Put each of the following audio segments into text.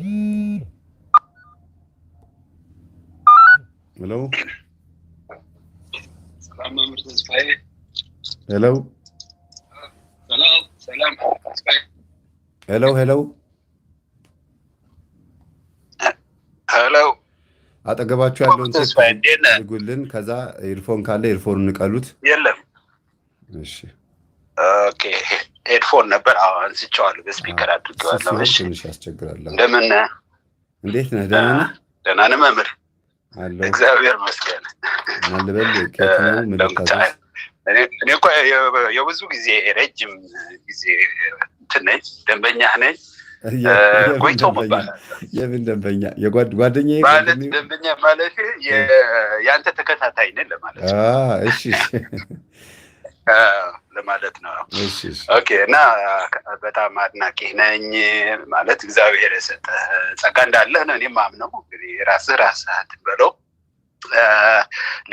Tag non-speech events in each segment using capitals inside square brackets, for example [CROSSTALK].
ሄሎ ሄሎ ሄሎ ሄሎ ሄሎ አጠገባችሁ ያለውን ጉልን ከዛ ኢርፎን ካለ ኤርፎን ንቀሉት። የለም። እሺ ኦኬ ሄድፎን ነበር። አዎ በስፒከር አድርጌዋለሁ። ትንሽ እንደምን እንዴት ነህ? ደህና ነህ? ደህና ነህ መምህር? እግዚአብሔር ይመስገን። እኔ እኮ የብዙ ጊዜ ረጅም ጊዜ እንትን ነኝ፣ ደንበኛህ ነኝ። ጎይቶ የምን ደንበኛ ጓደኛ ማለት ደንበኛ ማለት የአንተ ተከታታይ ነን ለማለት ነው። እሺ ለማለት ነው። ኦኬ እና በጣም አድናቂ ነኝ ማለት እግዚአብሔር የሰጠ ጸጋ እንዳለ ነው እኔም አምነው። እንግዲህ ራስህ ራስህ በለው።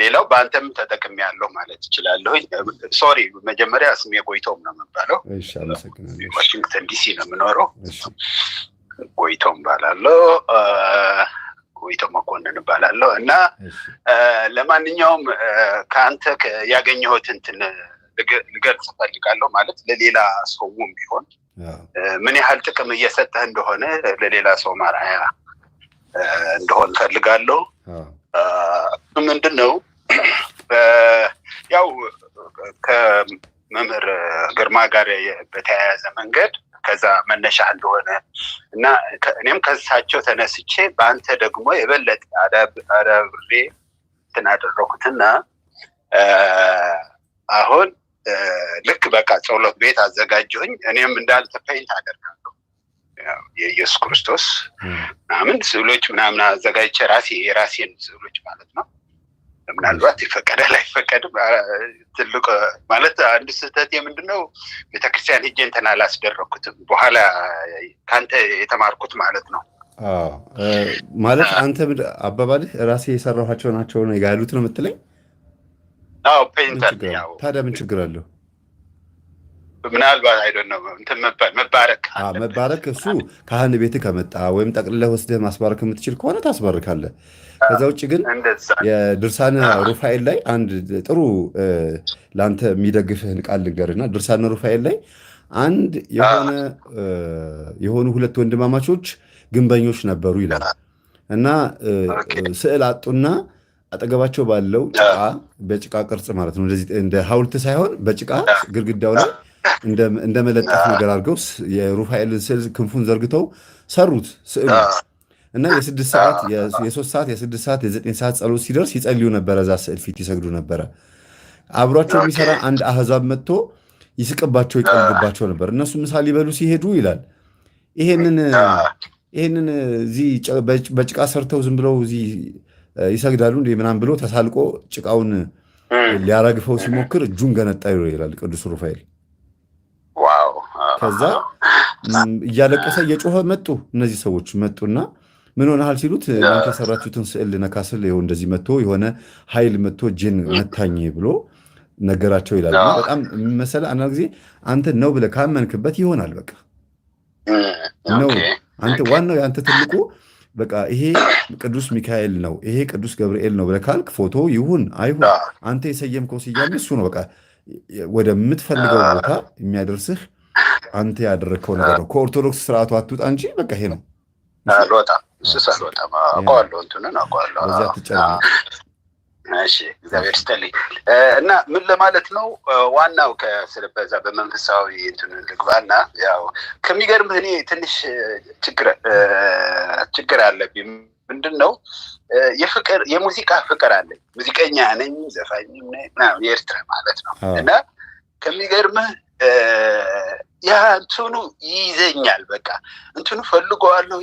ሌላው በአንተም ተጠቅሜ ያለው ማለት እችላለሁ። ሶሪ መጀመሪያ ስሜ ጎይቶም ነው የምባለው። ዋሽንግተን ዲሲ ነው የምኖረው። ጎይቶም ባላለው ቆይቶ መኮንን እባላለሁ እና ለማንኛውም ከአንተ ያገኘሁት እንትን ልገልጽ እፈልጋለሁ። ማለት ለሌላ ሰውም ቢሆን ምን ያህል ጥቅም እየሰጠህ እንደሆነ ለሌላ ሰው ማርያ እንደሆን ፈልጋለሁ ምንድን ነው ያው ከመምህር ግርማ ጋር በተያያዘ መንገድ ከዛ መነሻ እንደሆነ እና እኔም ከሳቸው ተነስቼ በአንተ ደግሞ የበለጠ አዳብሬ ትናደረኩትና አሁን ልክ በቃ ጸሎት ቤት አዘጋጀሁኝ። እኔም እንዳልተ ፔንት አደርጋለሁ የኢየሱስ ክርስቶስ ምናምን ስዕሎች ምናምን አዘጋጀ ራሴ የራሴን ስዕሎች ማለት ነው። ምናልባት ይፈቀደ አይፈቀድም፣ ትልቅ ማለት አንድ ስህተት የምንድነው ቤተክርስቲያን ሂጄ እንትን አላስደረግኩትም። በኋላ ከአንተ የተማርኩት ማለት ነው። ማለት አንተ አባባልህ ራሴ የሰራኋቸው ናቸው ያሉት ነው የምትለኝ ታዲያ ምን ችግር አለው? ምናልባት መባረክ መባረክ እሱ ካህን ቤት ከመጣ ወይም ጠቅልለህ ወስደህ ማስባረክ የምትችል ከሆነ ታስባርካለህ። ከዛ ውጭ ግን የድርሳነ ሩፋኤል ላይ አንድ ጥሩ ለአንተ የሚደግፍህን ቃል ልንገርህና ድርሳነ ሩፋኤል ላይ አንድ የሆነ የሆኑ ሁለት ወንድማማቾች ግንበኞች ነበሩ ይላል እና ስዕል አጡና አጠገባቸው ባለው ጭቃ በጭቃ ቅርጽ ማለት ነው። እንደዚህ እንደ ሐውልት ሳይሆን በጭቃ ግድግዳው ላይ እንደ መለጠፍ ነገር አድርገው የሩፋኤልን ስዕል ክንፉን ዘርግተው ሰሩት ስዕሉ እና የስድስት ሰዓት የሶስት ሰዓት የስድስት ሰዓት የዘጠኝ ሰዓት ጸሎት ሲደርስ ይጸልዩ ነበረ። እዛ ስዕል ፊት ይሰግዱ ነበረ። አብሯቸው የሚሰራ አንድ አህዛብ መጥቶ ይስቅባቸው፣ ይቀልድባቸው ነበር። እነሱ ምሳ ሊበሉ ሲሄዱ ይላል ይሄንን ይሄንን እዚህ በጭቃ ሰርተው ዝም ብለው እዚህ ይሰግዳሉ እንዲህ ምናምን ብሎ ተሳልቆ ጭቃውን ሊያረግፈው ሲሞክር እጁን ገነጣ ይላል ቅዱስ ሩፋኤል። ከዛ እያለቀሰ እየጮኸ መጡ። እነዚህ ሰዎች መጡና ምን ሆነሃል ሲሉት እናንተ የሰራችሁትን ስዕል ነካስል ይኸው እንደዚህ መጥቶ የሆነ ኃይል መጥቶ ጅን መታኝ ብሎ ነገራቸው ይላል። በጣም መሰለ አንዳንድ ጊዜ አንተ ነው ብለህ ካመንክበት ይሆናል። በቃ ነው አንተ ዋናው የአንተ ትልቁ በቃ ይሄ ቅዱስ ሚካኤል ነው፣ ይሄ ቅዱስ ገብርኤል ነው ብለህ ካልክ ፎቶ ይሁን አይሁን አንተ የሰየምከው ስያሜ እሱ ነው። በቃ ወደምትፈልገው ቦታ የሚያደርስህ አንተ ያደረግከው ነገር ነው። ከኦርቶዶክስ ስርዓቱ አትውጣ እንጂ በቃ ይሄ ነው። በዛ ትጨ እሺ እግዚአብሔር ስተልኝ እና ምን ለማለት ነው ዋናው ከስለበዛ በመንፈሳዊ እንትን ልግባና ያው ከሚገርም እኔ ትንሽ ችግር አለብኝ። ምንድን ነው የፍቅር የሙዚቃ ፍቅር አለኝ። ሙዚቀኛ ነኝ፣ ዘፋኝ የኤርትራ ማለት ነው እና ከሚገርምህ ያ እንትኑ ይይዘኛል። በቃ እንትኑ ፈልገዋለሁ።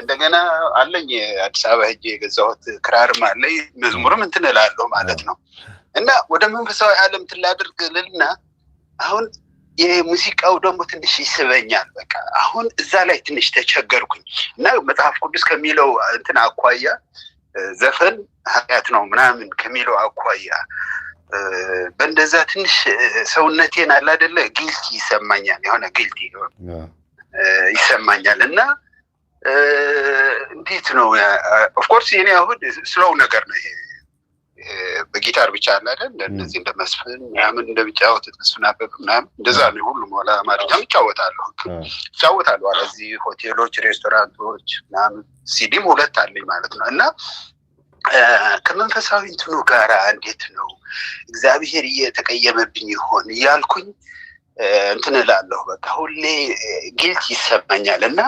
እንደገና አለኝ አዲስ አበባ ህጅ የገዛሁት ክራርም አለኝ መዝሙርም እንትን እላለሁ ማለት ነው። እና ወደ መንፈሳዊ ዓለም ትላድርግ ልልና አሁን የሙዚቃው ደግሞ ትንሽ ይስበኛል። በቃ አሁን እዛ ላይ ትንሽ ተቸገርኩኝ እና መጽሐፍ ቅዱስ ከሚለው እንትን አኳያ ዘፈን ሀያት ነው ምናምን ከሚለው አኳያ በእንደዛ ትንሽ ሰውነቴን አላደለ ጊልቲ ይሰማኛል፣ የሆነ ጊልቲ ይሰማኛል እና እንዴት ነው ኦፍኮርስ የኔ አሁን ስለው ነገር ነው ይሄ በጊታር ብቻ አላለ እንደነዚህ እንደ መስፍን ምናምን እንደሚጫወት መስፍን አበብ ምናምን እንደዛ ነው። ሁሉም ወላ ማድረጃም ይጫወታለሁ ይጫወታለሁ። አለዚህ ሆቴሎች፣ ሬስቶራንቶች ምናምን ሲዲም ሁለት አለኝ ማለት ነው እና ከመንፈሳዊ እንትኑ ጋር እንዴት ነው እግዚአብሔር እየተቀየመብኝ ይሆን እያልኩኝ እንትን እላለሁ። በቃ ሁሌ ጊልት ይሰማኛል እና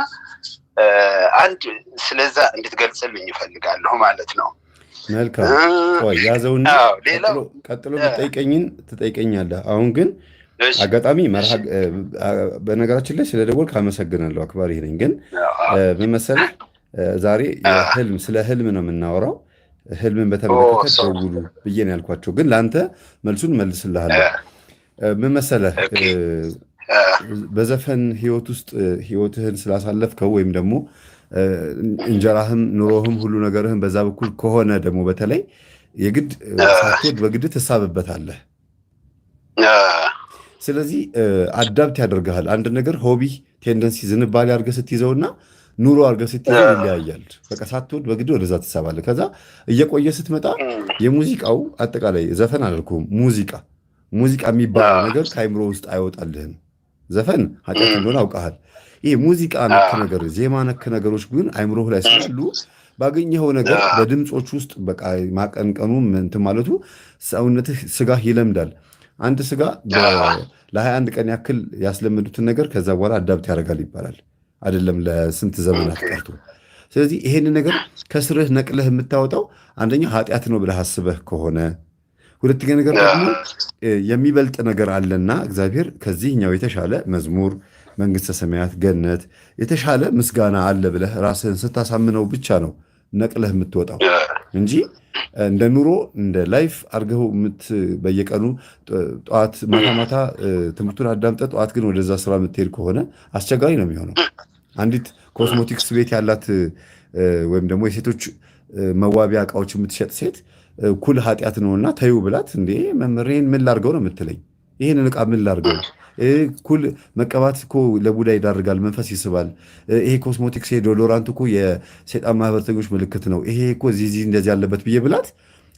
አንድ ስለዛ እንድትገልጽልኝ ይፈልጋለሁ ማለት ነው። መልካም ያዘውና ቀጥሎ ትጠይቀኛለህ። አሁን ግን አጋጣሚ በነገራችን ላይ ስለደወልክ አመሰግናለሁ። አክባሪ ነኝ። ግን ምን መሰለህ ዛሬ ህልም ስለ ህልም ነው የምናወራው ህልምን በተመለከተ ደውሉ ብዬ ነው ያልኳቸው። ግን ለአንተ መልሱን መልስልሃለሁ። ምን መሰለህ በዘፈን ህይወት ውስጥ ህይወትህን ስላሳለፍከው ወይም ደግሞ እንጀራህም ኑሮህም ሁሉ ነገርህም በዛ በኩል ከሆነ ደግሞ በተለይ የግድ ሳትወድ በግድ ትሳብበታለህ። ስለዚህ አዳብት ያደርግሃል። አንድ ነገር ሆቢ ቴንደንሲ ዝንባሌ አድርገህ ስትይዘውና ኑሮ አድርገህ ስትሄድ ይለያያል። በቃ ሳትወድ በግድ ወደዛ ትሳባለህ። ከዛ እየቆየ ስትመጣ የሙዚቃው አጠቃላይ ዘፈን አላልኩም፣ ሙዚቃ ሙዚቃ የሚባል ነገር ከአይምሮ ውስጥ አይወጣልህም። ዘፈን ኃጢአት እንደሆነ አውቃሃል። ይህ ሙዚቃ ነክ ነገር፣ ዜማ ነክ ነገሮች ግን አይምሮህ ላይ ስላሉ ባገኘኸው ነገር በድምፆች ውስጥ በቃ ማቀንቀኑ እንትን ማለቱ ሰውነትህ ስጋህ ይለምዳል። አንድ ስጋ ለ21 ቀን ያክል ያስለመዱትን ነገር ከዛ በኋላ አዳብት ያደርጋል ይባላል። አይደለም ለስንት ዘመናት ቀርቶ። ስለዚህ ይሄን ነገር ከስርህ ነቅለህ የምታወጣው አንደኛው ኃጢአት ነው ብለህ አስበህ ከሆነ፣ ሁለተኛ ነገር ደግሞ የሚበልጥ ነገር አለና እግዚአብሔር ከዚህኛው የተሻለ መዝሙር፣ መንግስተ ሰማያት፣ ገነት የተሻለ ምስጋና አለ ብለህ ራስህን ስታሳምነው ብቻ ነው ነቅለህ የምትወጣው እንጂ እንደ ኑሮ እንደ ላይፍ አድርገው በየቀኑ ጠዋት ማታ ማታ ትምህርቱን አዳምጠ ጠዋት ግን ወደዛ ስራ የምትሄድ ከሆነ አስቸጋሪ ነው የሚሆነው። አንዲት ኮስሞቲክስ ቤት ያላት ወይም ደግሞ የሴቶች መዋቢያ እቃዎች የምትሸጥ ሴት ኩል ኃጢአት ነውና ተዩ ብላት፣ እንዴ መምህሬን ምን ላርገው ነው የምትለኝ? ይህን እቃ ምን ላርገው? ኩል መቀባት እኮ ለቡዳ ይዳርጋል፣ መንፈስ ይስባል። ይሄ ኮስሞቲክስ ዶሎራንት እኮ የሴጣን ማህበረተኞች ምልክት ነው። ይሄ እኮ ዚዚ እንደዚህ ያለበት ብዬ ብላት፣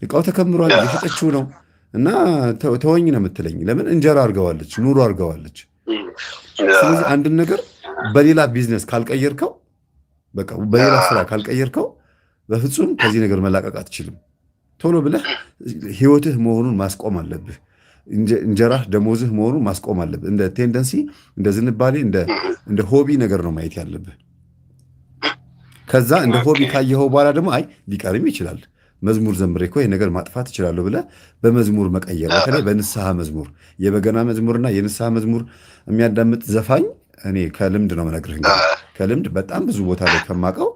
እቃው ተከምሯል፣ የሸጠችው ነው እና ተወኝ ነው የምትለኝ። ለምን እንጀራ አርገዋለች፣ ኑሮ አርገዋለች። ስለዚህ አንድን ነገር በሌላ ቢዝነስ ካልቀየርከው፣ በቃ በሌላ ስራ ካልቀየርከው በፍጹም ከዚህ ነገር መላቀቅ አትችልም። ቶሎ ብለህ ህይወትህ መሆኑን ማስቆም አለብህ። እንጀራህ ደሞዝህ መሆኑን ማስቆም አለብህ። እንደ ቴንደንሲ፣ እንደ ዝንባሌ፣ እንደ ሆቢ ነገር ነው ማየት ያለብህ። ከዛ እንደ ሆቢ ካየኸው በኋላ ደግሞ አይ ሊቀርም ይችላል መዝሙር ዘምሬ እኮ ይህ ነገር ማጥፋት እችላለሁ ብለህ በመዝሙር መቀየር፣ በተለይ በንስሐ መዝሙር፣ የበገና መዝሙርና የንስሐ መዝሙር የሚያዳምጥ ዘፋኝ እኔ ከልምድ ነው የምነግርህ፣ ከልምድ በጣም ብዙ ቦታ ላይ ከማውቀው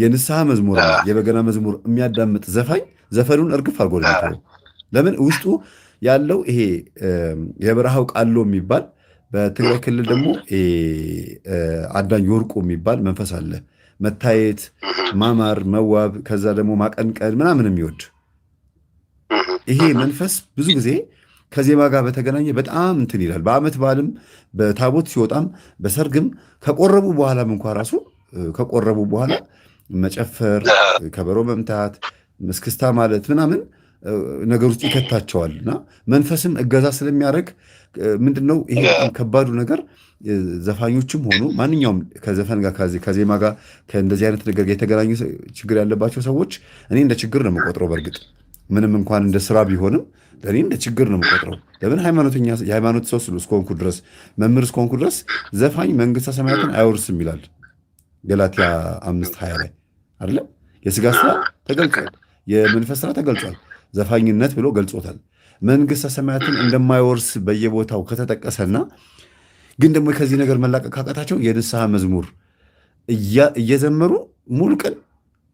የንስሐ መዝሙር የበገና መዝሙር የሚያዳምጥ ዘፋኝ ዘፈኑን እርግፍ አድርጎ ለምን ውስጡ ያለው ይሄ የበረሃው ቃሎ የሚባል በትግራይ ክልል ደግሞ አዳኝ ወርቁ የሚባል መንፈስ አለ። መታየት፣ ማማር፣ መዋብ ከዛ ደግሞ ማቀንቀን ምናምን የሚወድ ይሄ መንፈስ ብዙ ጊዜ ከዜማ ጋር በተገናኘ በጣም እንትን ይላል። በዓመት በዓልም በታቦት ሲወጣም በሰርግም ከቆረቡ በኋላም እንኳ ራሱ ከቆረቡ በኋላ መጨፈር፣ ከበሮ መምታት፣ ምስክስታ ማለት ምናምን ነገር ውስጥ ይከታቸዋል እና መንፈስም እገዛ ስለሚያደርግ ምንድነው ይሄ በጣም ከባዱ ነገር ዘፋኞችም ሆኑ ማንኛውም ከዘፈን ጋር ከዜማ ጋር ከእንደዚህ አይነት ነገር ጋር የተገናኙ ችግር ያለባቸው ሰዎች እኔ እንደ ችግር ነው የምቆጥረው። በእርግጥ ምንም እንኳን እንደ ስራ ቢሆንም ለእኔ እንደ ችግር ነው የምቆጥረው። ለምን ሃይማኖተኛ የሃይማኖት ሰው እስከሆንኩ ድረስ መምህር እስከሆንኩ ድረስ ዘፋኝ መንግስተ ሰማያትን አይወርስም ይላል ገላትያ አምስት ሀያ ላይ አይደለም። የስጋ ስራ ተገልጿል፣ የመንፈስ ስራ ተገልጿል። ዘፋኝነት ብሎ ገልጾታል። መንግስተ ሰማያትን እንደማይወርስ በየቦታው ከተጠቀሰና ግን ደግሞ ከዚህ ነገር መላቀቅ ካቃታቸው የንስሐ መዝሙር እየዘመሩ ሙሉ ቀን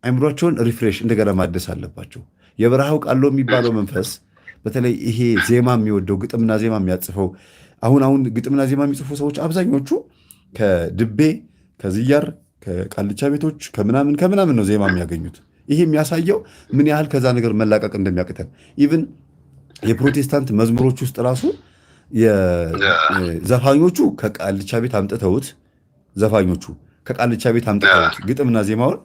አይምሯቸውን ሪፍሬሽ እንደገና ማደስ አለባቸው። የበረሃው ቃሎ የሚባለው መንፈስ በተለይ ይሄ ዜማ የሚወደው ግጥምና ዜማ የሚያጽፈው አሁን አሁን ግጥምና ዜማ የሚጽፉ ሰዎች አብዛኞቹ ከድቤ ከዝያር ከቃልቻ ቤቶች ከምናምን ከምናምን ነው ዜማ የሚያገኙት። ይሄ የሚያሳየው ምን ያህል ከዛ ነገር መላቀቅ እንደሚያቅተን ኢቭን የፕሮቴስታንት መዝሙሮች ውስጥ ራሱ ዘፋኞቹ ከቃልቻ ቤት አምጥተውት ዘፋኞቹ ከቃልቻ ቤት አምጥተውት ግጥምና ዜማውን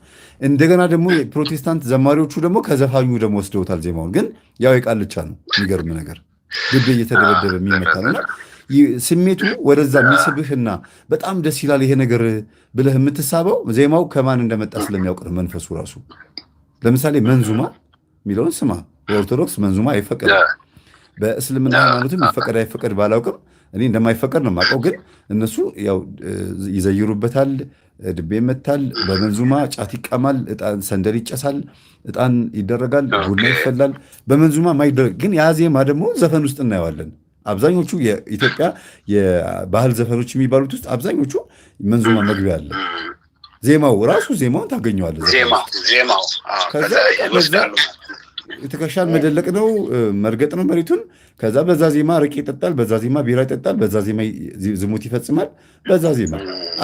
እንደገና ደግሞ የፕሮቴስታንት ዘማሪዎቹ ደግሞ ከዘፋኙ ደግሞ ወስደውታል ዜማውን። ግን ያው የቃልቻ ነው። የሚገርም ነገር ግብ እየተደበደበ የሚመታ ነው። ስሜቱ ወደዛ የሚስብህና በጣም ደስ ይላል ይሄ ነገር ብለህ የምትሳበው ዜማው ከማን እንደመጣ ስለሚያውቅ ነው። መንፈሱ ራሱ ለምሳሌ መንዙማ የሚለውን ስማ። የኦርቶዶክስ መንዙማ አይፈቀድም። በእስልምና ሃይማኖትም ይፈቀድ አይፈቀድ ባላውቅም እኔ እንደማይፈቀድ ነው የማውቀው። ግን እነሱ ያው ይዘይሩበታል ድቤ ይመታል፣ በመንዙማ ጫት ይቀማል፣ እጣን ሰንደል ይጨሳል፣ እጣን ይደረጋል፣ ቡና ይፈላል። በመንዙማ ማይደረግ ግን ያ ዜማ ደግሞ ዘፈን ውስጥ እናየዋለን። አብዛኞቹ የኢትዮጵያ የባህል ዘፈኖች የሚባሉት ውስጥ አብዛኞቹ መንዙማ መግቢያ አለ። ዜማው ራሱ ዜማውን ታገኘዋለህ። ትከሻን መደለቅ ነው፣ መርገጥ ነው መሬቱን። ከዛ በዛ ዜማ አረቄ ይጠጣል፣ በዛ ዜማ ቢራ ይጠጣል፣ በዛ ዜማ ዝሙት ይፈጽማል። በዛ ዜማ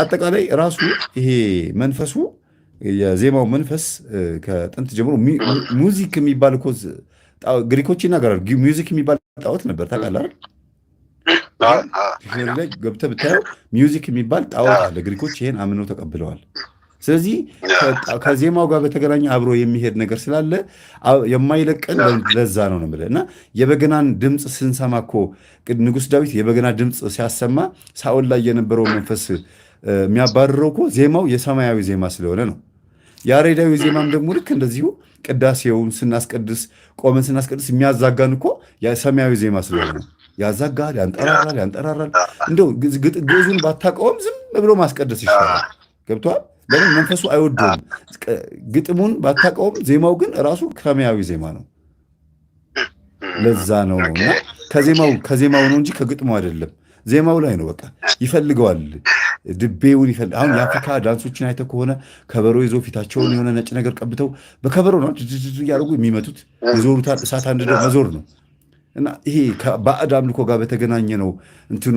አጠቃላይ ራሱ ይሄ መንፈሱ የዜማው መንፈስ ከጥንት ጀምሮ ሙዚክ የሚባል እኮ ግሪኮች ይናገራል። ሚዚክ የሚባል ጣዖት ነበር ታውቃለህ ላይ ገብተህ ብታየው ሚዚክ የሚባል ጣዖት አለ። ግሪኮች ይሄን አምነው ተቀብለዋል። ስለዚህ ከዜማው ጋር በተገናኘ አብሮ የሚሄድ ነገር ስላለ የማይለቀን ለዛ ነው ነው እና የበገናን ድምፅ ስንሰማ እኮ ንጉሥ ዳዊት የበገና ድምፅ ሲያሰማ ሳኦል ላይ የነበረው መንፈስ የሚያባርረው እኮ ዜማው የሰማያዊ ዜማ ስለሆነ ነው። ያሬዳዊ ዜማም ደግሞ ልክ እንደዚሁ ቅዳሴውን ስናስቀድስ ቆመን ስናስቀድስ የሚያዛጋን እኮ ሰማያዊ ዜማ ስለሆነ ነው። ያዛጋል፣ ያንጠራራል፣ ያንጠራራል። እንደው ግዕዙን ባታውቀውም ዝም ብሎ ማስቀደስ ይሻላል። ገብቷል። ለምን መንፈሱ አይወደውም። ግጥሙን ባታውቀውም ዜማው ግን ራሱ ከሚያዊ ዜማ ነው። ለዛ ነው እና ከዜማው ከዜማው ነው እንጂ ከግጥሙ አይደለም። ዜማው ላይ ነው በቃ ይፈልገዋል። ድቤውን ይፈል አሁን የአፍሪካ ዳንሶችን አይተ ከሆነ ከበሮ ይዞ ፊታቸውን የሆነ ነጭ ነገር ቀብተው በከበሮ ነው እያደረጉ የሚመጡት። ይዞሩታል። እሳት አንድደው መዞር ነው እና ይሄ ከባዕድ አምልኮ ጋር በተገናኘ ነው እንትኑ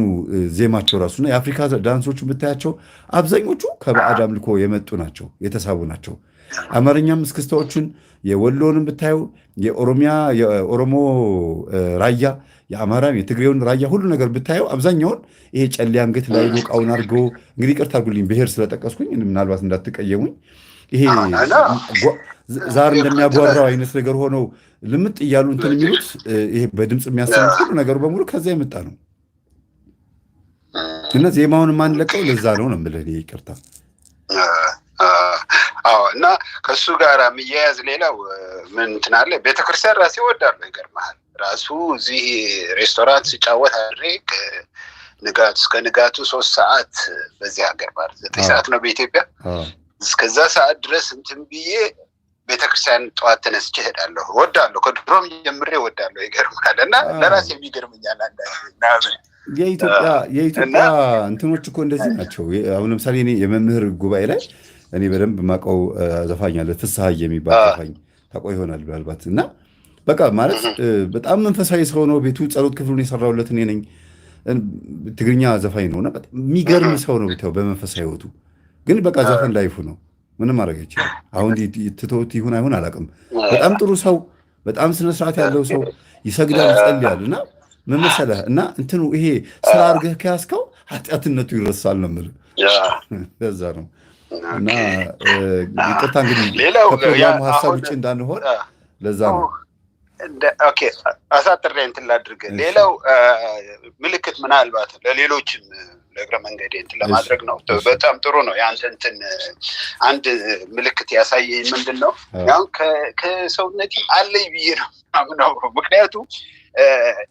ዜማቸው ራሱ እና የአፍሪካ ዳንሶቹ ብታያቸው አብዛኞቹ ከባዕድ አምልኮ የመጡ ናቸው፣ የተሳቡ ናቸው። አማርኛም እስክስታዎቹን የወሎንም ብታዩ የኦሮሚያ የኦሮሞ ራያ የአማራም የትግሬውን ራያ ሁሉ ነገር ብታየው አብዛኛውን ይሄ ጨሌ አንገት ላይ ዶቃውን አድርጎ እንግዲህ ይቅርታ አድርጉልኝ ብሔር ስለጠቀስኩኝ ምናልባት እንዳትቀየሙኝ ይሄ ዛር እንደሚያጓራው አይነት ነገር ሆነው ልምጥ እያሉ እንትን የሚሉት ይሄ በድምፅ የሚያሰሙት ነገሩ በሙሉ ከዚያ የመጣ ነው። እና ዜማውን የማንለቀው ለዛ ነው ነው የምልህ። ይቅርታ አዎ እና ከእሱ ጋር የሚያያዝ ሌላው ምን እንትን አለ ቤተክርስቲያን ራሴ እወዳለሁ። ይገርምሃል ራሱ እዚህ ሬስቶራንት ሲጫወት አድሬ ንጋቱ እስከ ንጋቱ ሶስት ሰዓት በዚህ ሀገር ማለት ዘጠኝ ሰዓት ነው በኢትዮጵያ እስከዛ ሰዓት ድረስ እንትን ብዬ ቤተክርስቲያን ጠዋት ተነስቼ እሄዳለሁ። እወዳለሁ፣ ከድሮም ጀምሬ እወዳለሁ። ይገርምሃል። እና ለራሴ የሚገርምኛል አንዳንድ የኢትዮጵያ የኢትዮጵያ እንትኖች እኮ እንደዚህ ናቸው። አሁን ለምሳሌ እኔ የመምህር ጉባኤ ላይ እኔ በደንብ ማቀው ዘፋኝ አለ ፍስሐ የሚባል ዘፋኝ ታቆ ይሆናል ምናልባት እና በቃ ማለት በጣም መንፈሳዊ ሰው ነው። ቤቱ ጸሎት ክፍሉን የሰራውለት እኔ ነኝ። ትግርኛ ዘፋኝ ነው እና የሚገርም ሰው ነው። ብታው በመንፈሳዊ ህይወቱ ግን በቃ ዘፈን ላይፉ ነው ምንም ማድረግ ይችላል። አሁን ትቶት ይሁን አይሁን አላውቅም። በጣም ጥሩ ሰው፣ በጣም ስነስርዓት ያለው ሰው ይሰግዳል፣ ይጸልያል እና ምን መሰለህ እና እንትኑ ይሄ ስራ አድርገህ ከያዝከው ኃጢአትነቱ ይረሳል ነው የምልህ። ለዛ ነው እና ይቅርታ እንግዲህ ከፕሮግራሙ ሀሳብ ውጭ እንዳንሆን ለዛ ነው። አሳጥሬ እንትን ላድርግ። ሌላው ምልክት ምናልባት ለሌሎችም እግረ መንገድ እንትን ለማድረግ ነው። በጣም ጥሩ ነው። የአንተ እንትን አንድ ምልክት ያሳየ ምንድን ነው? አሁን ከሰውነት አለይ ብዬ ነው ምነው። ምክንያቱም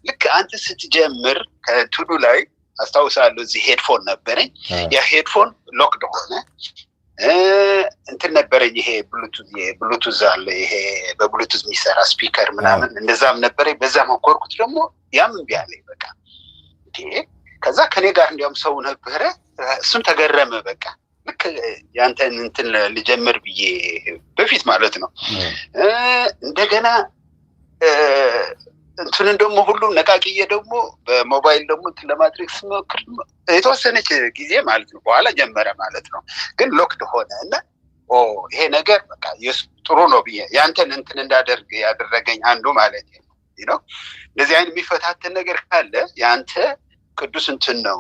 ልክ አንተ ስትጀምር ከቱዱ ላይ አስታውሳለሁ፣ እዚህ ሄድፎን ነበረኝ። ያ ሄድፎን ሎክ ደሆነ እንትን ነበረኝ ይሄ ብሉቱዝ አለ ይሄ በብሉቱዝ የሚሰራ ስፒከር ምናምን እንደዛም ነበረኝ። በዛ መኮርኩት ደግሞ ያም እምቢ አለኝ በቃ ከዛ ከኔ ጋር እንዲያውም ሰው ነበረ፣ እሱም ተገረመ። በቃ ልክ ያንተን እንትን ልጀምር ብዬ በፊት ማለት ነው። እንደገና እንትንን ደግሞ ሁሉም ነቃቅዬ ደግሞ በሞባይል ደግሞ እንትን ለማድረግ ስሞክር የተወሰነች ጊዜ ማለት ነው፣ በኋላ ጀመረ ማለት ነው። ግን ሎክድ ሆነ እና ይሄ ነገር በቃ ጥሩ ነው ብዬ ያንተን እንትን እንዳደርግ ያደረገኝ አንዱ ማለት ነው ነው እንደዚህ አይነት የሚፈታትን ነገር ካለ የአንተ ቅዱስ እንትን ነው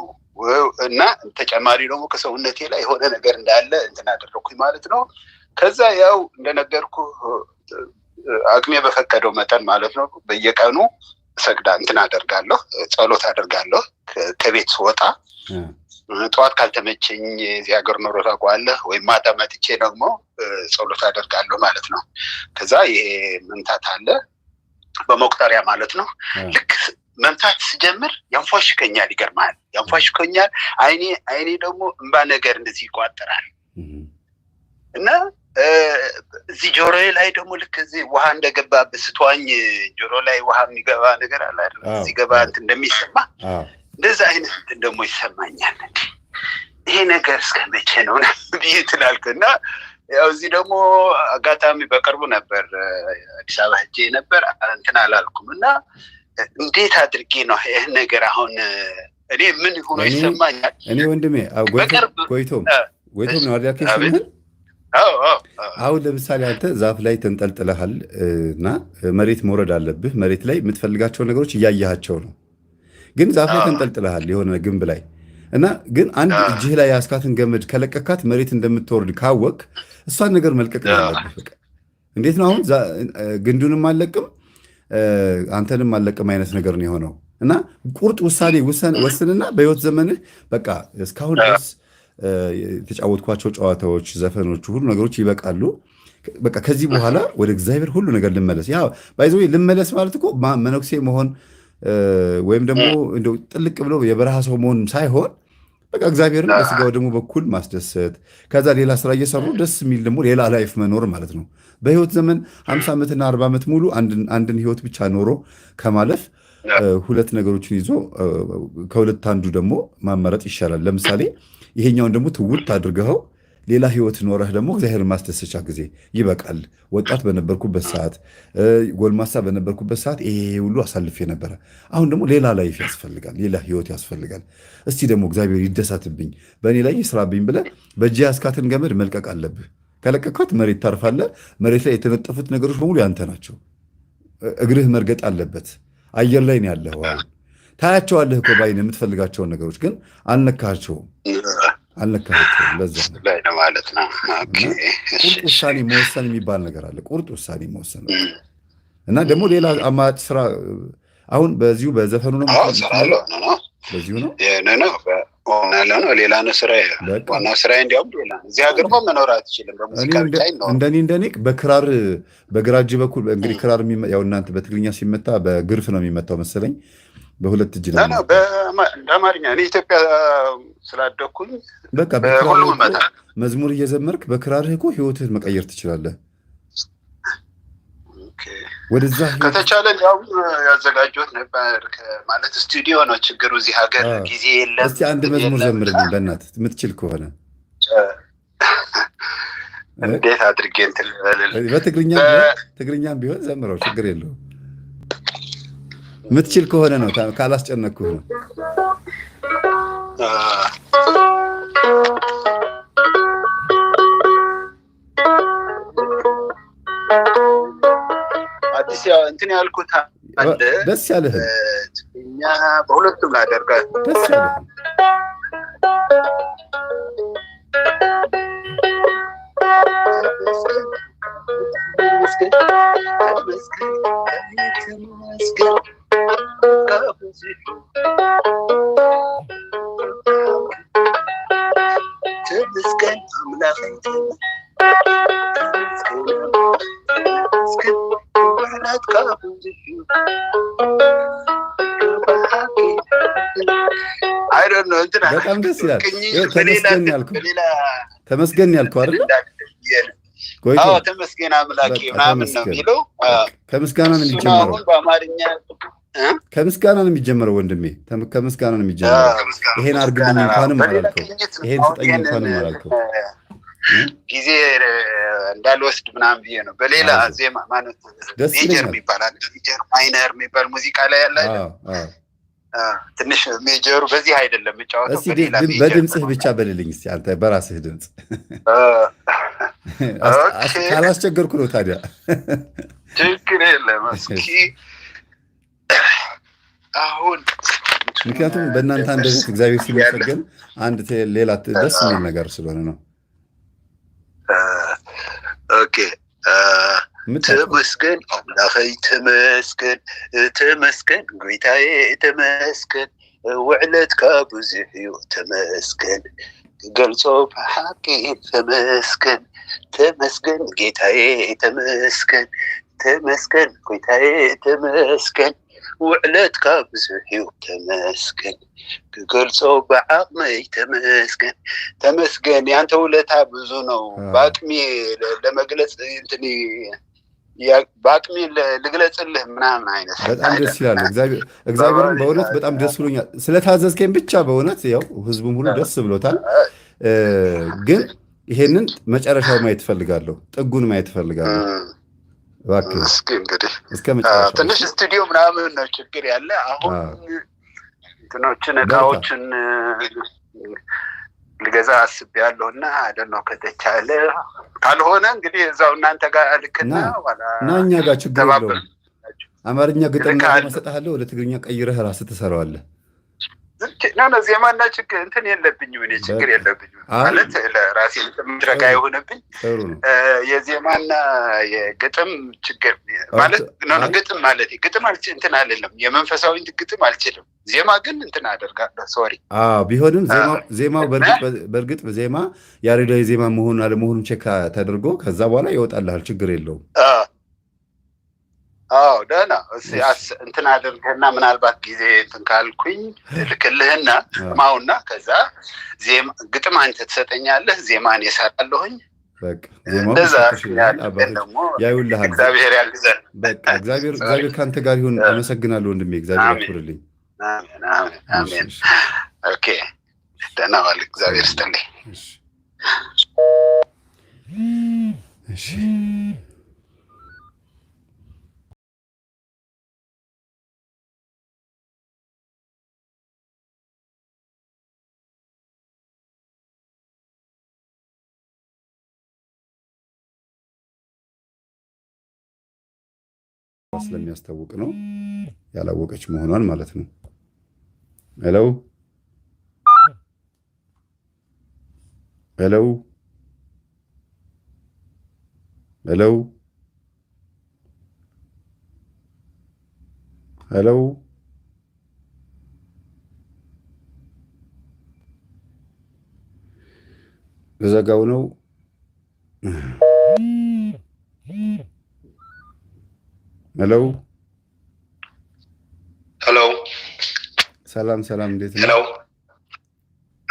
እና ተጨማሪ ደግሞ ከሰውነቴ ላይ የሆነ ነገር እንዳለ እንትን አደረኩኝ ማለት ነው። ከዛ ያው እንደነገርኩ አቅሜ በፈቀደው መጠን ማለት ነው በየቀኑ ሰግዳ እንትን አደርጋለሁ፣ ጸሎት አደርጋለሁ ከቤት ስወጣ ጠዋት ካልተመቸኝ የዚህ ሀገር ኖሮ ታውቀዋለህ ወይም ማታ መጥቼ ደግሞ ጸሎት አደርጋለሁ ማለት ነው። ከዛ ይሄ መምታት አለ በመቁጠሪያ ማለት ነው። ልክ መምታት ስጀምር ያንፏሽከኛል። ይገርማል፣ ያንፏሽከኛል። አይኔ አይኔ ደግሞ እንባ ነገር እንደዚህ ይቋጠራል እና እዚህ ጆሮዬ ላይ ደግሞ ልክ እዚህ ውሃ እንደገባ ብስቷኝ ጆሮ ላይ ውሃ የሚገባ ነገር አለ እዚህ ገባ እንትን እንደሚሰማ እንደዛ አይነት እንትን ደግሞ ይሰማኛል። ይሄ ነገር እስከ መቼ ነው ብዬ ትላልክ እና ያው እዚህ ደግሞ አጋጣሚ በቅርቡ ነበር አዲስ አበባ ሄጄ ነበር እንትን አላልኩም እና እንዴት አድርጌ ነው ይህ ነገር አሁን እኔ ምን ሆኖ ይሰማኛል? እኔ ወንድሜ ጎይቶም ጎይቶም ነው አርዲያ ኬስ ምን አሁን ለምሳሌ አንተ ዛፍ ላይ ተንጠልጥለሃል እና መሬት መውረድ አለብህ። መሬት ላይ የምትፈልጋቸው ነገሮች እያያቸው ነው፣ ግን ዛፍ ላይ ተንጠልጥለሃል የሆነ ግንብ ላይ እና ግን አንድ እጅህ ላይ አስካትን ገመድ ከለቀካት መሬት እንደምትወርድ ካወቅ እሷን ነገር መልቀቅ አለብህ። እንዴት ነው አሁን ግንዱንም አለቅም አንተንም አለቅም አይነት ነገር ነው የሆነው እና ቁርጥ ውሳኔ ወስንና በህይወት ዘመንህ በቃ እስካሁን ድረስ የተጫወትኳቸው ጨዋታዎች፣ ዘፈኖች፣ ሁሉ ነገሮች ይበቃሉ። በቃ ከዚህ በኋላ ወደ እግዚአብሔር ሁሉ ነገር ልመለስ። ያ ባይዘ ልመለስ ማለት እኮ መነኩሴ መሆን ወይም ደግሞ እንደው ጥልቅ ብሎ የበረሃ ሰው መሆን ሳይሆን በቃ እግዚአብሔርን በስጋው ደግሞ በኩል ማስደሰት፣ ከዛ ሌላ ስራ እየሰሩ ደስ የሚል ደግሞ ሌላ ላይፍ መኖር ማለት ነው። በህይወት ዘመን 50 ዓመትና አርባ ዓመት ሙሉ አንድን ህይወት ብቻ ኖሮ ከማለፍ ሁለት ነገሮችን ይዞ ከሁለት አንዱ ደግሞ ማመረጥ ይሻላል። ለምሳሌ ይሄኛውን ደግሞ ትውት አድርገኸው ሌላ ህይወት ኖረህ ደግሞ እግዚአብሔር ማስደሰቻ ጊዜ ይበቃል። ወጣት በነበርኩበት ሰዓት፣ ጎልማሳ በነበርኩበት ሰዓት ይሄ ሁሉ አሳልፌ ነበረ። አሁን ደግሞ ሌላ ላይፍ ያስፈልጋል፣ ሌላ ህይወት ያስፈልጋል። እስቲ ደግሞ እግዚአብሔር ይደሳትብኝ፣ በእኔ ላይ ይስራብኝ ብለህ በእጅ ያስካትን ገመድ መልቀቅ አለብህ። ከለቀኳት መሬት ታርፋለ። መሬት ላይ የተነጠፉት ነገሮች በሙሉ ያንተ ናቸው። እግርህ መርገጥ አለበት። አየር ላይ ነው ያለህ። ታያቸዋለህ እኮ ባይን የምትፈልጋቸውን ነገሮች ግን አልነካቸውም አልነካቸውም። ለዛ ቁርጥ ውሳኔ መወሰን የሚባል ነገር አለ። ቁርጥ ውሳኔ መወሰን እና ደግሞ ሌላ አማራጭ ስራ አሁን በዚሁ በዘፈኑ ነው በዚሁ ነው ሆናለ ነው ሌላ ነው ስራ ዋና ስራ እንዲያውም ሌላ እዚህ ሀገር እንኳን መኖር አትችልም። በሙዚቃ ብቻ ይኖራል። እንደኔ እንደኔ በክራር በግራ እጅ በኩል እንግዲህ ክራር ያው እናንተ በትግርኛ ሲመታ በግርፍ ነው የሚመታው መሰለኝ በሁለት እጅ ነው እንደ አማርኛ። እኔ ኢትዮጵያ ስላደኩኝ በቃ በሁሉም መዝሙር እየዘመርክ በክራርህ እኮ ህይወትህን መቀየር ትችላለህ። ወደዛ ከተቻለን ያው ያዘጋጆት ነበር ማለት ስቱዲዮ ነው ችግሩ። እዚህ ሀገር ጊዜ የለም። እስቲ አንድ መዝሙር ዘምርልኝ በእናትህ የምትችል ከሆነ እንዴት አድርጌ እንትን ቢሆን ዘምረው ችግር የለው። የምትችል ከሆነ ነው፣ ካላስጨነቅኩህ ነው። አዲስ እንትን ያልኩት አለ ደስ ያለህ እኛ በሁለቱም ላደርጋል ተመስገን አምላክ night በጣም ደስ ይላል። ተመስገን ያልኩ ተመስገን ያልኩ አይደል? አዎ ተመስገን አምላኬ ምናምን ነው የሚለው። ከምስጋና ነው የሚጀምረው ከምስጋና ነው የሚጀምረው ወንድሜ፣ ከምስጋና ነው የሚጀምረው። ይሄን አርግልኝ እንኳንም አላልከው፣ ይሄን ስጠኝ እንኳንም አላልከው። ጊዜ እንዳልወስድ ምናምን ብዬ ነው። በሌላ ዜማ ማለት ሜጀር የሚባል ሜጀር ማይነር የሚባል ሙዚቃ ላይ ያለ ትንሽ ሜጀሩ በዚህ አይደለም የምጫወተው። በድምፅህ ብቻ በልልኝ እስኪ አንተ በራስህ ድምፅ። [LAUGHS] ካላስቸገርኩ ነው ታዲያ ችግር የለም። እስኪ አሁን ምክንያቱም በእናንተ አንድ እግዚአብሔር ሲመሰገን አንድ ሌላ ደስ የሚል ነገር ስለሆነ ነው። آه، اوكي آه، تمسكن اخي تمسكن تمسكن قويتاي تمسكن وعلت كابو تمسكن قلتو بحقي تمسكن تمسكن قويتاي تمسكن تمسكن قويتاي تمسكن ውዕለት ካብ ዝሕዩ ተመስገን ክገልፆ ብዓቅመይ ተመስገን ተመስገን። ያንተ ውለታ ብዙ ነው። በአቅሜ ለመግለጽ እንትን በአቅሜ ልግለጽልህ ምናምን አይነት በጣም ደስ ይላል። እግዚአብሔርን በእውነት በጣም ደስ ብሎኛል ስለታዘዝከኝ ብቻ በእውነት ያው ህዝቡም ሁሉ ደስ ብሎታል። ግን ይሄንን መጨረሻው ማየት እፈልጋለሁ፣ ጥጉን ማየት እፈልጋለሁ። እስኪ እንግዲህ ትንሽ ስቱዲዮ ምናምን ነው ችግር ያለ። አሁን እንትኖችን እቃዎችን ልገዛ አስቤያለሁ እና አይደነው ከተቻለ ካልሆነ እንግዲህ እዛው እናንተ ጋር ልክና እና እኛ ጋር ችግር የለውም። አማርኛ ግጥም ሰጠሃለሁ፣ ወደ ትግርኛ ቀይረህ ራስህ ትሰራዋለህ። ሆነ ዜማና ችግር እንትን የለብኝም እኔ ችግር የለብኝም ማለት ለራሴ መድረክ አይሆንብኝ የዜማና የግጥም ችግር ማለት ግጥም ማለት ግጥም እንትን አልልም የመንፈሳዊ ግጥም አልችልም ዜማ ግን እንትን አደርጋለሁ ሶሪ ቢሆንም ዜማው በእርግጥ ዜማ ያሬዳዊ ዜማ መሆኑ አለመሆኑን ቼክ ተደርጎ ከዛ በኋላ ይወጣልሃል ችግር የለውም አዎ ደህና እንትን አድርገና ምናልባት ጊዜ እንትን ካልኩኝ ልክልህና ማውና ከዛ ግጥም አንተ ትሰጠኛለህ፣ ዜማን የሰራለሁኝ እንደዛ ደግሞ እግዚአብሔር ያግዘን። እግዚአብሔር ከአንተ ጋር ይሁን። አመሰግናለሁ ወንድሜ፣ እግዚአብሔር ያክብርልኝ። አሜን። ኦኬ ደህና ዋል። እግዚአብሔር ይስጥልኝ። እሺ ስለሚያስታውቅ ነው ያላወቀች መሆኗን ማለት ነው። ሄሎ ልዘጋው ነው። ሄሎ ሄሎ። ሰላም ሰላም፣ እንዴት ነው?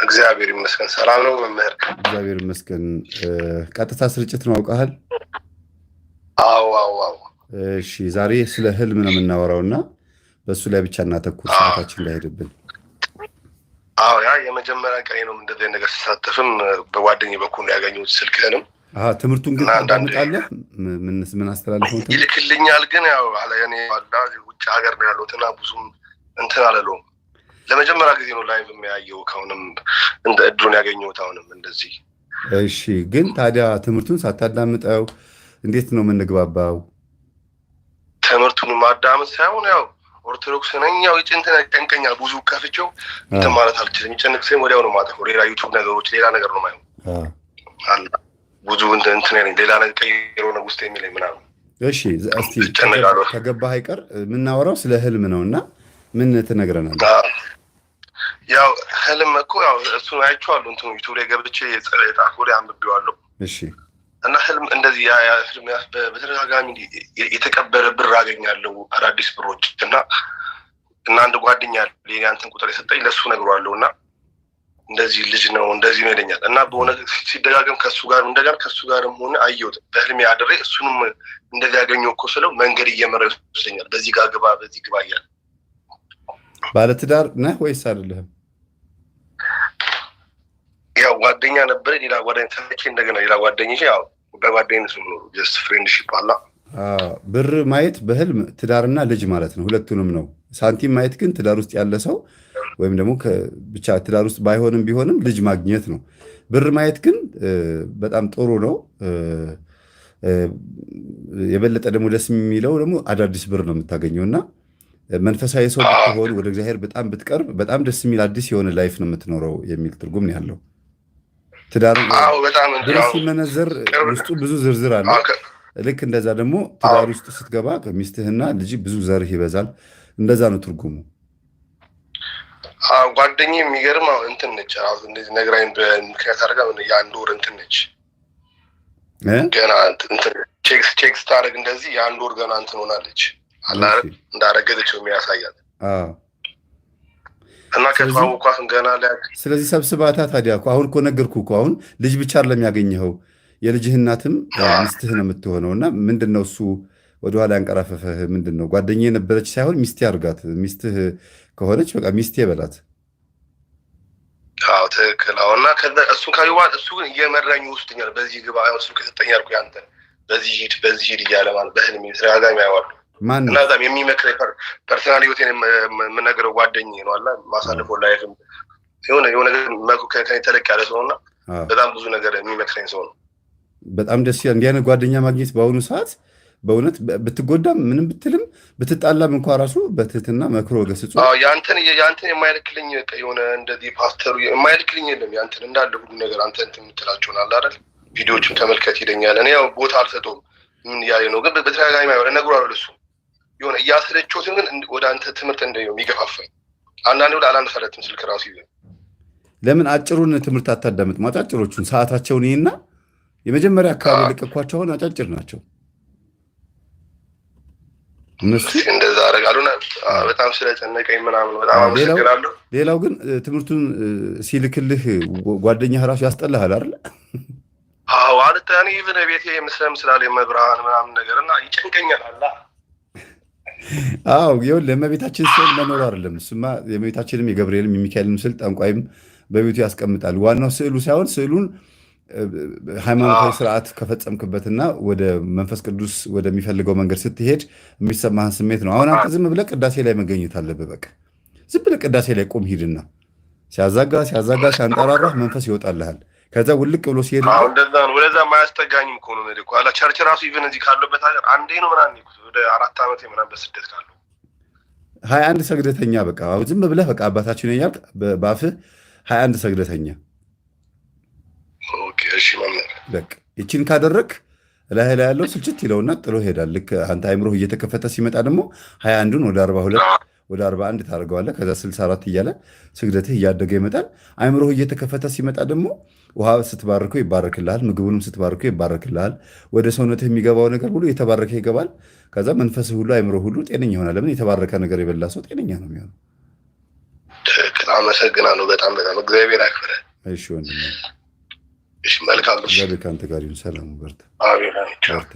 እግዚአብሔር ይመስገን ሰላም ነው መምህር። እግዚአብሔር ይመስገን። ቀጥታ ስርጭት ነው አውቀሃል? አዎ አዎ እሺ፣ ዛሬ ስለ ህልም ነው የምናወራው እና በእሱ ላይ ብቻ እናተኩር፣ ሰዓታችን እንዳይሄድብን። አዎ ያ የመጀመሪያ ቀኔ ነው እንደዚህ ነገር ሲሳተፍም በጓደኛዬ በኩል ነው ያገኘሁት ስልክህንም ትምህርቱን ግን ታዳምጣለህ? ምን አስተላልፈው ይልክልኛል። ግን ያው እኔ ውጭ ሀገር ነው ያለሁት እና ብዙም እንትን አለለውም። ለመጀመሪያ ጊዜ ነው ላይቭ የሚያየው። ከአሁንም እንደ እድሉን ያገኘሁት አሁንም እንደዚህ። እሺ፣ ግን ታዲያ ትምህርቱን ሳታዳምጠው እንዴት ነው የምንግባባው? ትምህርቱን ማዳመጥ ሳይሆን ያው ኦርቶዶክስ ነኝ። ያው ይጭንትን ይጨንቀኛል። ብዙ ከፍቼው እንትን ማለት አልችልም። ይጨንቅ ሲም ወዲያው ነው ማጠፈው። ሌላ ዩቱብ ነገሮች፣ ሌላ ነገር ነው ማየው ብዙ እንትን ያለኝ ሌላ ነገር ቀይሮ ነው ውስጥ የሚለኝ ምናምን። እሺ እስቲ ከገባህ አይቀር የምናወራው ስለ ህልም ነው እና ምን ትነግረናል? ያው ህልም እኮ ያው እሱን አይቼዋለሁ። እንትኑ ዩቱብ ላይ ገብቼ የጸረ የጣፍ ወደ አንብቤዋለሁ። እሺ እና ህልም እንደዚህ ህልም በተደጋጋሚ የተቀበረ ብር አገኛለሁ አዳዲስ ብሮች እና እና አንድ ጓደኛ ያንተን ቁጥር የሰጠኝ ለእሱ ነግሯለሁ እና እንደዚህ ልጅ ነው እንደዚህ ነው ይለኛል እና በሆነ ሲደጋገም ከሱ ጋር እንደጋር ከሱ ጋርም ሆነ አየሁት በህልሜ አድሬ እሱንም እንደዚህ ያገኘው እኮ ስለው መንገድ እየመራ ይወስደኛል። በዚህ ጋር ግባ፣ በዚህ ግባ እያለ። ባለትዳር ነህ ወይስ አይደለህም? ያው ጓደኛ ነበረ ሌላ ጓደኛ ተቼ እንደገና ሌላ ጓደኛ ያው በጓደኝነት ነው ጀስት ፍሬንድሺፕ አላ ብር ማየት በህልም ትዳርና ልጅ ማለት ነው። ሁለቱንም ነው። ሳንቲም ማየት ግን ትዳር ውስጥ ያለ ሰው ወይም ደግሞ ብቻ ትዳር ውስጥ ባይሆንም ቢሆንም ልጅ ማግኘት ነው። ብር ማየት ግን በጣም ጥሩ ነው። የበለጠ ደግሞ ደስ የሚለው ደግሞ አዳዲስ ብር ነው የምታገኘው እና መንፈሳዊ ሰው ብትሆን ወደ እግዚአብሔር በጣም ብትቀርብ በጣም ደስ የሚል አዲስ የሆነ ላይፍ ነው የምትኖረው የሚል ትርጉም ነው ያለው። ትዳር ብር ሲመነዘር ውስጡ ብዙ ዝርዝር አለ። ልክ እንደዛ ደግሞ ትዳር ውስጥ ስትገባ ሚስትህና ልጅ ብዙ ዘርህ ይበዛል። እንደዛ ነው ትርጉሙ። ጓደኛ የሚገርም እንትን ነች። እንደዚህ ነግራኝ ምክንያት አድርጋ የአንድ ወር እንትን ነች ገና ቼክስ ቼክስ ታደርግ እንደዚህ የአንድ ወር ገና እንትን ሆናለች አላ እንዳረገዘች ነው የሚያሳያት እና ከተዋወኳት ገና ላይ ስለዚህ ሰብስባታ ታዲያ አሁን እኮ ነገርኩ እኮ አሁን ልጅ ብቻ ለሚያገኘኸው የልጅህ እናትም ሚስትህ ነው የምትሆነው እና ምንድን ነው እሱ ወደኋላ ያንቀራፈፈህ ምንድን ነው? ጓደኛ የነበረች ሳይሆን ሚስቴ አድርጋት። ሚስትህ ከሆነች በቃ ሚስቴ በላት። አዎ ትክክል። አዎ እና እሱ ከሪዋን እሱ እየመራኝ ውስጥኛል። በዚህ ግባ ሱ ከሰጠኝ ያልኩህ አንተ በዚህ ሂድ በዚህ ሂድ እያለ ማለት በህልም ተደጋጋሚ ያዋሉ እና በጣም የሚመክረኝ ፐርሰናል ህይወቴን የምነግረው ጓደኛዬ ነው አላ ማሳልፈው ላይፍ የሆነ የሆነ ከኔ ተለቅ ያለ ሰው እና በጣም ብዙ ነገር የሚመክረኝ ሰው ነው። በጣም ደስ ይላል። እንዲህ አይነት ጓደኛ ማግኘት በአሁኑ ሰዓት በእውነት ብትጎዳም ምንም ብትልም ብትጣላም እንኳ ራሱ በትህትና መክሮ ገስጹ። ያንተን ያንተን የማይልክልኝ የሆነ እንደዚህ ፓስተሩ የማይልክልኝ የለም። ያንተን እንዳለ ሁሉ ነገር አንተ እንትን የምትላቸውን አለ አይደል? ቪዲዮዎችም ተመልከት ይለኛል። እኔ ያው ቦታ አልሰጠውም። ምን እያለ ነው ግን በተደጋጋሚ አይሆነ ነግሮ አለ እሱ የሆነ እያሰለቸውትም ግን ወደ አንተ ትምህርት እንደ የሚገፋፋኝ አንዳንድ ወደ አላነሳለትም ስልክ ራሱ ይዘ ለምን አጭሩን ትምህርት አታዳምጥ? ማለት አጭሮቹን ሰዓታቸውን ይህና የመጀመሪያ አካባቢ የለቀኳቸው አሁን አጫጭር ናቸው። እንደዛ በጣም ስለጨነቀኝ ምናምን በጣም አመሰግናለሁ። ሌላው ግን ትምህርቱን ሲልክልህ ጓደኛህ ራሱ ያስጠላሃል አይደል? አዎ አልታኒ ብን ቤቴ ምስለም ምናምን ነገር እና ይጨንቀኛል። ይሁን ለእመቤታችን አይደለም እሱማ። የእመቤታችንም የገብርኤልም የሚካኤልም ስል ጠንቋይም በቤቱ ያስቀምጣል። ዋናው ስዕሉ ሳይሆን ስዕሉን ሃይማኖታዊ ስርዓት ከፈጸምክበትና ወደ መንፈስ ቅዱስ ወደሚፈልገው መንገድ ስትሄድ የሚሰማህን ስሜት ነው። አሁን አንተ ዝም ብለህ ቅዳሴ ላይ መገኘት አለብህ። በቃ ዝም ብለህ ቅዳሴ ላይ ቁም፣ ሂድና ሲያዛጋ ሲያዛጋ ሲያንጠራራህ መንፈስ ይወጣልሃል። ከዛ ውልቅ ብሎ ሲሄድ እንደዛ ነው። ወደዛ ማያስጠጋኝም ከሆኑ ነው ኋላ ቸርች ራሱ ኢቨን እዚህ ካለበት ሀገር አንዴ ነው ምናምን ወደ አራት ዓመት ምናምን በስደት ካለ ሀያ አንድ ሰግደተኛ በቃ ዝም ብለህ በቃ አባታችን ያልቅ በአፍህ ሀያ አንድ ሰግደተኛ በቃ ይቺን ካደረግ ላይ ላይ ያለው ስልችት ይለውና ጥሎ ይሄዳል። ልክ አንተ አይምሮህ እየተከፈተ ሲመጣ ደግሞ ሀያ አንዱን ወደ አርባ ሁለት ወደ አርባ አንድ ታደርገዋለህ። ከዛ ስልሳ አራት እያለ ስግደትህ እያደገ ይመጣል። አይምሮህ እየተከፈተ ሲመጣ ደግሞ ውሃ ስትባርኩ ይባረክልሃል፣ ምግቡንም ስትባርኩ ይባረክልሃል። ወደ ሰውነትህ የሚገባው ነገር ሁሉ የተባረከ ይገባል። ከዛ መንፈስህ ሁሉ አይምሮ ሁሉ ጤነኛ ይሆናል። ለምን የተባረከ ነገር የበላ ሰው ጤነኛ ነው የሚሆነው። አመሰግናለሁ። በጣም በጣም እግዚአብሔር አክብረ እሺ ወንድ እሺ፣ መልካም። ከአንተ ጋር ይሁን። ሰላም በርታ። አሜን።